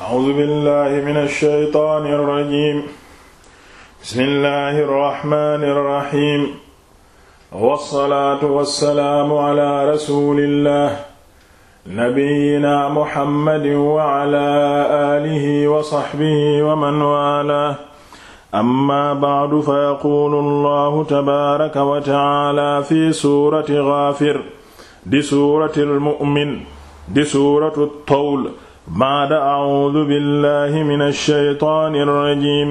أعوذ بالله من الشيطان الرجيم بسم الله الرحمن الرحيم والصلاة والسلام على رسول الله نبينا محمد وعلى آله وصحبه ومن والاه أما بعد فيقول الله تبارك وتعالى في سورة غافر دي سورة المؤمن دي سورة الطول baada acuudu billahi min alsheytaani alrajim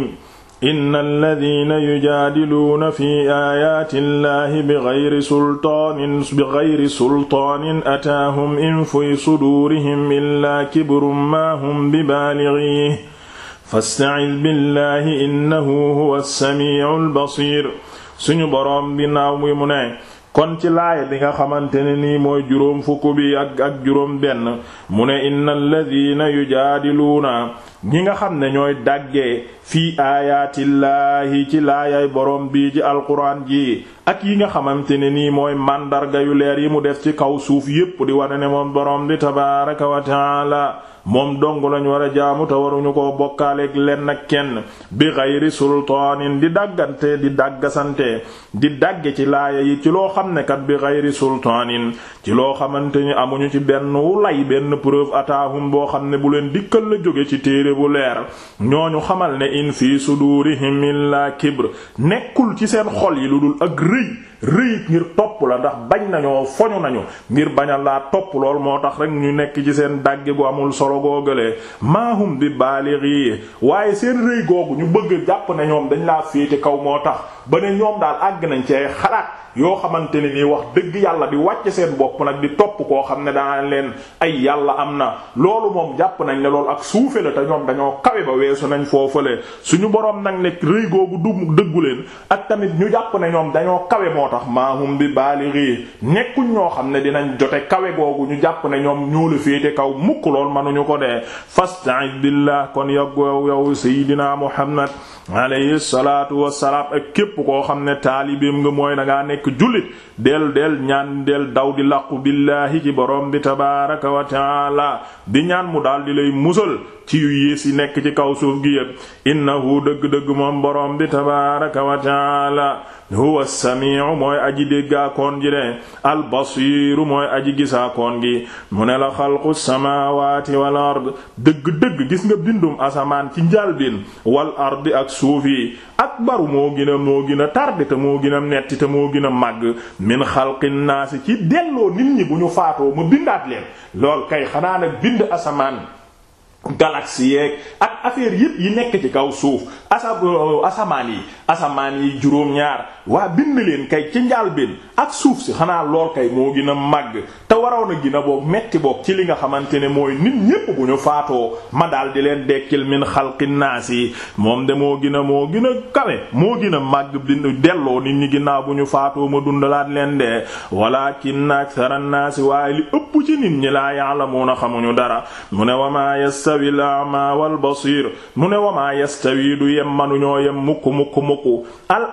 inna alladina yujaadiluuna fi aayaati illahi bigayri sultaanin bigayri sultaanin ataahum in fi suduurihim illaa kibrun maa hum bibaalighihi fastaciz billahi innahu huwa alsamiicu albasiir suñu boroom ginnaaw bi mu ne kon ci laaya bi nga xamante ne nii mooy juróom fukk bi ak ak juróom benn mu ne innal ladina yujaadiluuna ñi nga xam ne ñooy dàgge fii aayaatillaahi ci laayay borom bi ci alquran ji ak yi nga xamante ne nii mooy màndarga yu leer yi mu def ci kaw suuf yépp di wane ne moom borom bi tabaaraka wa taala moom dong lañu war a jaamu te waruñu koo bokkaaleeg lenn ak kenn bi xayri sultaanin di dàggante di dàggasante di dàgge ci laaya yi ci loo xam ne kat bi xayri sultaanin ci loo xamante ni amuñu ci benn wu benn preuve ataahum boo xam ne bu leen dikkal la jóge ci téere bu leer ñoo ñu xamal ne in fii sudurihim illaa kibr nekkul ci seen xol yi lu dul ak rëy rëy ngir topp la ndax bañ nañoo foñu nañu ngir bañal laa topp lool moo tax rek ñu nekk ci seen dàggi gu amul solo googale maahum bi yi waaye seen rëy googu ñu bëgg jàpp ne ñoom dañ laa féete kaw moo tax ba ne ñoom daal àgg nañ ci ay xalaat yoo xamante ne nii wax dëgg yàlla di wàcc seen bopp nag di topp koo xam ne dana leen ay yàlla am na loolu moom jàpp nañ ne loolu ak suufe la te ñoom dañoo kawe ba weesu nañ foofu foofale suñu boroom nag ne rëy googu du dëggu leen ak tamit ñu jàpp ne ñoom dañoo kawe moo tax maahum bi baalighi nekkuñ ñoo xam ne dinañ jote kawe googu ñu jàpp ne ñoom ñoo la féete kaw mukk lool manuñu ko dee fasta'id billah kon yow yow sayidina muhammad alayhi salatu wassalam ak képp képp koo xam ne taalibeem nga mooy dangaa nekk jullit del del ñaan del daw di làqu billaahi ci boroom bi tabaaraka wa taala di ñaan mu daal di lay musal ci yu yées yi nekk ci kaw suuf gi yépp innahu dëgg-dëgg moom borom bi tabaaraka wa taala huwa samiu mooy aji déggaakoon ji de albasiiru mooy aji gisaakoon gi mu ne la xalqu samaawaati wal ard dëgg-dëgg gis nga bindum asamaan ci njalbin wal ardi ak suuf yi akbaru moo gën a moo gën a tarde te moo gën a metti te moo gën a min xalqin naasi ci delloo nit ñi bu ñu faatoo ma bindaat leen lool kay xanaa nag bind asamaan galaxie yeeg ak affaire yépp yi nekk ci kaw suuf asa euh, asamaan yi asamaan yi juróom-ñaar waa bind leen kay ci njàlbéen ak suuf si xanaa lool kay moo gën a màgg te waroon a gina a boog metti boog ci li nga xamante ne mooy nit ñépp bu ñu faatoo ma daal di leen dekkil min xalqi naas yi moom de moo gën a moo gën a kawe moo gën màgg bind delloo nit ñi ginnaaw bu ñu faatoo ma dundalaat leen de walakinna aktharan naas waaye li ëpp ci nit ñi laa ya'lamuna xamuñu dara mu ne wa yastawi al-a'ma wal-basir mu ne wamaa yastawi du yem manuñoo yem mukk mukk mukk al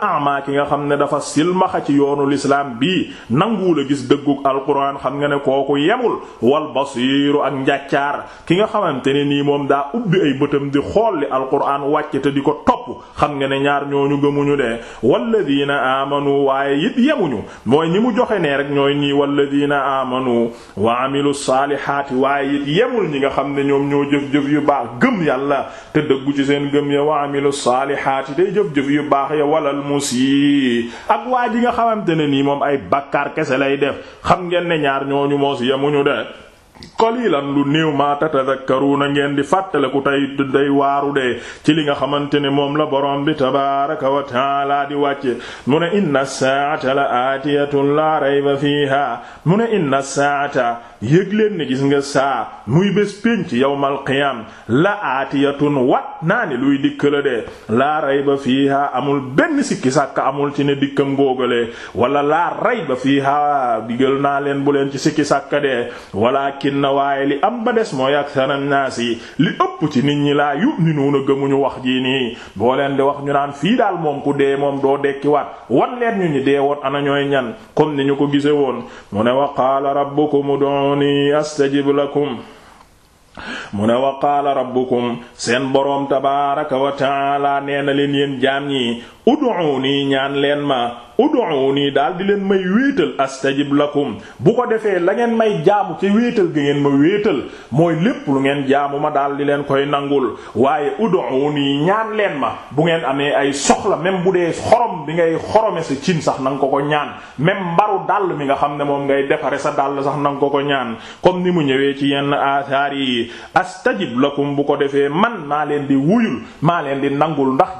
ki nga xam ne dafa silmaxa ci yoonu lislaam bi nanguwul gis dëggug alquran xam nga ne kooku yemul wal-basir ak njàccaar ki nga xamante ne nii moom daa ubbi ay bëtam di xool li alquran wàcc te di ko topp xam nga ne ñaar ñooñu gëmuñu de walladina amanu waaye it yemuñu mooy ñi mu joxe nee rek ñooy ñii walladina amanu wa amilu saalihaati waaye it yemul ñi nga xam ne ñoom ñoo jëf-jëf yu baax gëm yàlla te dëggu ci seen gëm ya wa amilu saalihaati day jëf-jëf yu baax ya walal musi ak waa ji nga xamante ne nii moom ay bakkaar kese lay def xam ngeen ne ñaar ñooñu moos yemuñu de qalilan lu néew ma tatadhakkaruna ngeen di ku tey day waaru de ci li nga xamante ne moom la borom bi tabaaraka wa laa di wàcce mu ne inna saata la aatiyatun la rayba fiha mu ne inna saata yëg leen ne gis nga saa muy bés pénc yawmal qiyaam la aatiyatun wat naa ne luy dikk la de la rayba fiha amul benn sikki sàkka amul ci ne dikkam góogale wala la rayba fiha digal naa leen bu leen ci sikki sàkka de walakin waaye li am ba des mooy aksara naas yi li ëpp ci nit ñi laa yu'minuuna gëmuñu wax jii nii boo leen di wax ñu naan fii daal moom ku dee moom doo dekkiwaat wan leen ñu ñi dee woon ana ñooy ñan kon ni ñu ko gise woon mu ne wa qaala rabbukum ud'uuni astajib lakum mu ne wa qaala rabbukum seen boroom tabaaraka wa nee na leen yéen jaam yi ud'uuni ñaan leen ma ud'uuni daal di leen may wéetal astajib lakum bu ko defee la ngeen may jaamu ci wéetal gi ngeen ma wéetal mooy lépp lu ngeen jaamu ma daal di leen koy nangul waaye nii ñaan leen ma bu ngeen amee ay soxla même bu dee xorom bi ngay xorome sa cin sax na ko ko ñaan même mbaru dàll mi nga xam ne moom ngay defare sa dàll sax na ko ko ñaan comme ni mu ñëwee ci yenn asaar yi astajib lakum bu ko defee man maa leen di wuyul di nangul ndax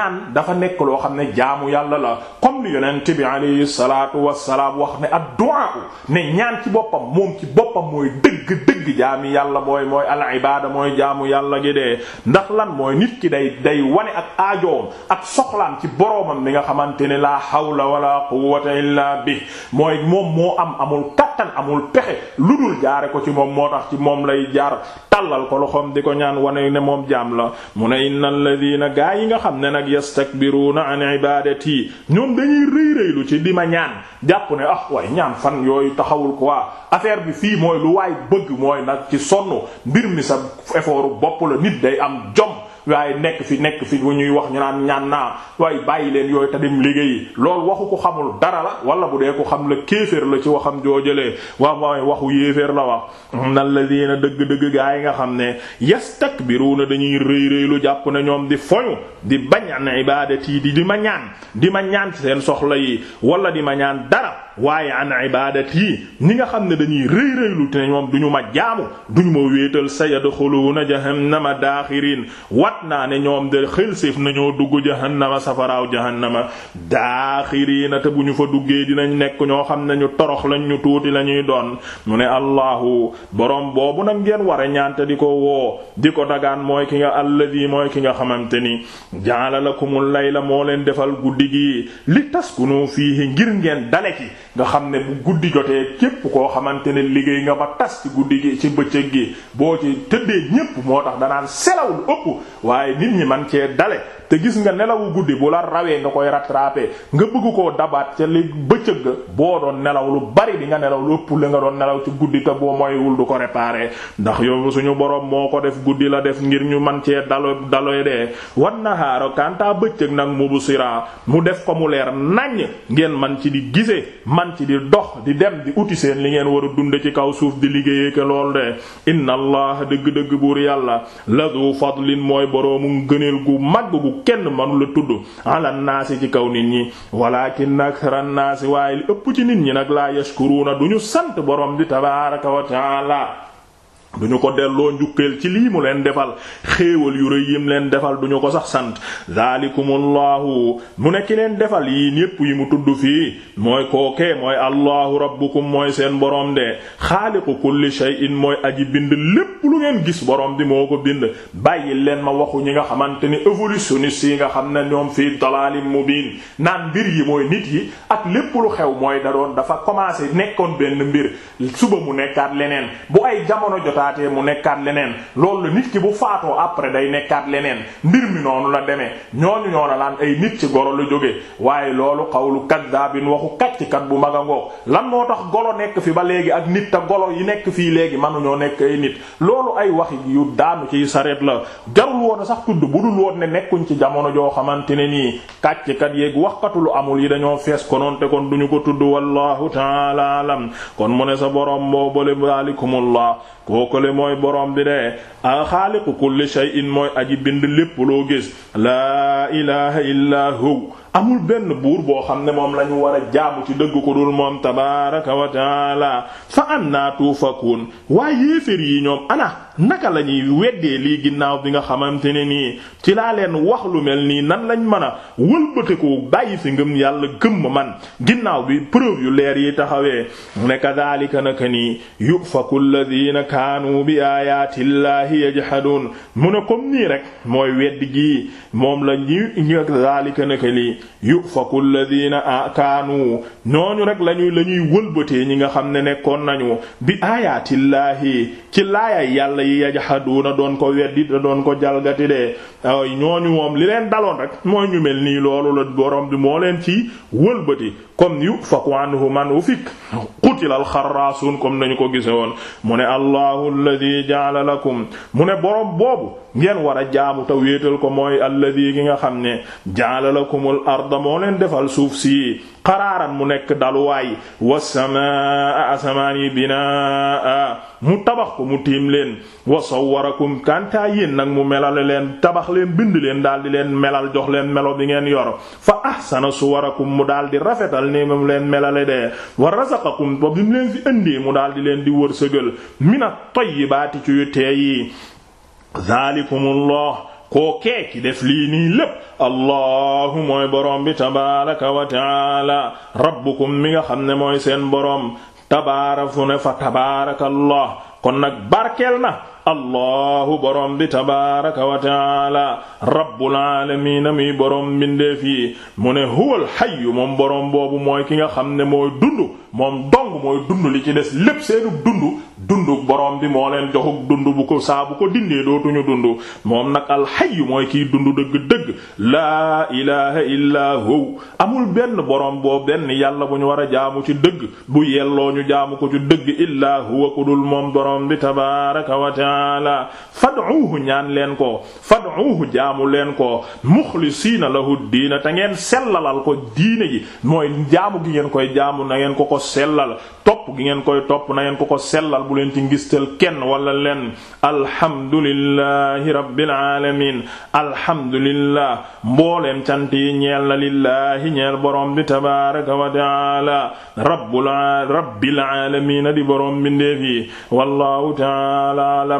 ñaan dafa nekk loo xam ne jaamu yàlla la comme ni yonent bi alayhi salaatu wassalaam wax ne ak dua ne ñaan ci boppam moom ci boppam mooy dëgg dëgg jaami yàlla mooy mooy al-ibaada mooy jaamu yàlla gi de ndax lan mooy nit ki day day wane ak aajoom ak soxlaam ci boromam mi nga xamante ne laa hawla wala quwwata illaa bi mooy moom moo am amul kattan amul pexe lu dul jaare ko ci moom moo tax ci moom lay jaar tàllal ko loxoom di ko ñaan wane ne moom jaam la mu ne innal ladina gaa yi nga xam ne nag yastakbiruna an ibadati ñoom dañuy rëy rëylu ci di ma ñaan jàpp ne ah waaye ñaan fan yooyu taxawul quoi affaire bi fii mooy lu waay bëgg mooy nag ci sonn mbir mi sa effort bopp la nit day am jom waaye nekk fi nekk fi bu ñuy wax ñu naan ñaan naa waaye bàyyi leen yooyu te mu liggéeyi loolu waxu ko xamul dara la wala bu dee ko xam la kéeféer la ci waxam joojalee waaw waaye waxu yéeféer la wax nan la dina dëgg-dëgg gaa yi nga xam ne yastakbiruna dañuy rëy rëy lu jàpp ne ñoom di foñu di bañ an ibadati di di ma ñaan di ma ñaan ci seen soxla yi wala di ma ñaan dara waaye an ibadati ni nga xam ne dañuy rëy rëylu te ñoom duñu ma jaamu duñu ma wéetal sayadxuluuna jahannama daaxirin wat naa ne ñoom de xëlséef nañoo dugg jahannama safaraaw jahannama daaxirina te bu ñu fa duggee dinañ nekk ñoo xam ne ñu torox lañ ñu tuuti la ñuy doon mu ne allahu borom boobu nag ngeen ware ñaante di ko woo di ko dagaan mooy ki nga alladi mooy ki nga xamante ni jaalala jaala lay la moo leen defal guddi gi li taskunu fiihi ngir ngeen dale ki nga xam ne bu guddi jotee cépp koo xamante ne liggéey nga ba tas ci guddi gi ci bëccëg gi boo ci tëddee ñépp moo tax danaan selaw lu ëpp waaye nit ñi man cee dale te gis nga nelawu guddi bu la rawee nga koy rattraper nga bëgg koo dabaat ca li bëccëg boo doon nelaw lu bari di nga nelaw lu ëpp li nga doon nelaw ci guddi te boo moywul du ko réparer ndax yow suñu boroom moo ko def guddi la def ngir ñu man cee dalo daloy dee wan nahaaro kanta bëccëg nag mu bu mu def ko mu leer naññ ngeen man ci man ci di dox di dem di uti seen li ngeen war a dund ci kaw suuf di liggéeyee ke lool de inna allah dëgg-dëgg buur yàlla la du fadlin mooy boroomu gëneel gu mag gu kenn manu la tudd ala naasi ci kaw nit ñi nag akthara naasi waaye li ëpp ci nit ñi nag laa yashkuruna duñu sant borom di tabaaraka wa taala duñu ko delloo njukkeel ci lii mu leen defal xéewal yure rëy yim leen defal duñu ko sax sant daalikumullahu mu nekki leen defal yii ñépp yi mu tudd fii mooy kookee mooy allahu rabbukum mooy seen borom de xaaliqu kulli shay'in mooy aji bind lépp lu ngeen gis borom bi moo ko bind bàyyi leen ma waxu ñi nga xamante ni évolutionniste yi nga xam ne ñoom fii dalaalim mubiin naan mbir yi mooy nit yi ak lépp lu xew mooy da dafa commencé nekkoon benn mbir suba mu nekkaat leneen bu ay jamono nekkaatee mu nekkaat leneen loolu la nit ki bu faatoo après day nekkaat leneen mbir mi noonu la demee ñooñu ñoo naan ay nit ci goro la jógee waaye loolu xawlu kaddaabin waxu kàcckat bu mag a ngoog lan moo tax golo nekk fi ba léegi ak nit te golo yi nekk fii léegi mënuñoo nekk ay nit loolu ay wax yu daanu ci sareet la jarul woon sax tudd budul woon ne nekkuñ ci jamono joo xamante ne nii kàcckat yeeg waxkatu lu amul yi dañoo fees konoon te kon duñu ko tudd wallahu taala alam kookale mooy borom bi de a xaaliqu kulli shay'in mooy aji bind lépp loo gis laa ilaha illaa hu amul benn buur boo xam ne moom lañu war a jàmm ci dëgg ko dul moom tabaaraka wa taala fa anna tuufakuun waaye yéeféer yi ñoom ana naka lañuy ñuy weddee lii ginnaaw bi nga xamante ne nii ci laa leen wax lu mel nii nan lañ mën a wëlbatekoo bàyyi fi ngëm yàlla gëm ma man ginnaaw bi preuve yu leer yi taxawee ne kadhalika naka nii yufaku alladhina kaanu bi ayati llahi yajhadun mu ne comme nii rek mooy weddi gii moom la ñi kadhalika naka lii yufaku alladina kaanu ñooñu rek lañuy lañuy wëlbatee ñi nga xam ne nekkoon nañu bi aayaatillaahi ci laayay yàlla yi na doon ko weddi da doon ko jalgati de ay moom li leen daloon rek mooy ñu mel nii loolu la borom bi moo leen ci wëlbati comme yufaku anhu man ufik qutilal xarraasuun kom nañu ko gise woon mu ne allahu alladi ja'ala lakum mu ne boroom boobu ngeen war a jaamu te wéetal ko mooy alladi ki nga xam ne ja'ala lakumul arda moo leen defal suuf si qaraaran mu nekk daluwaay wasamaa asamaan yi binaa mu tabax ko mu tiim leen wa sawwarakum kantaa yéen nag mu melal leen tabax leen bind leen daal di leen melal jox leen melo bi ngeen yor fa ahsana suwarakum mu daal di rafetal ne mu leen melale de wa razaqakum ba bi mu leen fi indee mu daal di leen di wërsëgal mina tayyibaati ci yu tee yi zaalikumullah koo keeki def lii nii lépp allahu mooy boroom bi tabaraka wa taala rabbukum mi nga xam ne mooy seen borom tabaara fu ne fa tabaarakallah kon nag barkel na allahu borom bi tabaaraka wa taala rabbul aalamiina muy borom mbindeef yi mu ne huwal hayyu moom borom boobu mooy ki nga xam ne mooy dund moom dong mooy dund li ci des lépp seenu dund dunduk borom bi moo leen joxuk dundu bu ko saabu ko dindee dootuñu dund moom nag alxayyu mooy kiy dund dëgg-dëgg laa ilaha illaa hu amul benn borom boo benn yàlla bu ñu war a jaamu ci dëgg bu yelloo ñu jaamu ko ci dëgg illaa huwa ku dul moom borom bi tabaaraka taala fad'uuhu ñaan leen ko fad'uuhu jaamu leen ko muxlisiina lahu diina te ngeen sellalal ko diine ji mooy jaamu gi ngeen koy jaamu nangeen ko ko sellal topp gi ngeen koy topp nangeen ko ko sellal bu leen ci ngistal kenn wala leen alhamdulillahi rabbil alamin alhamdulillah mbooleem cant yi ñeel na lillaahi ñeel borom bi tabaaraka wa taala rabbul rabbil alamin di borom bindeef yi wallahu taala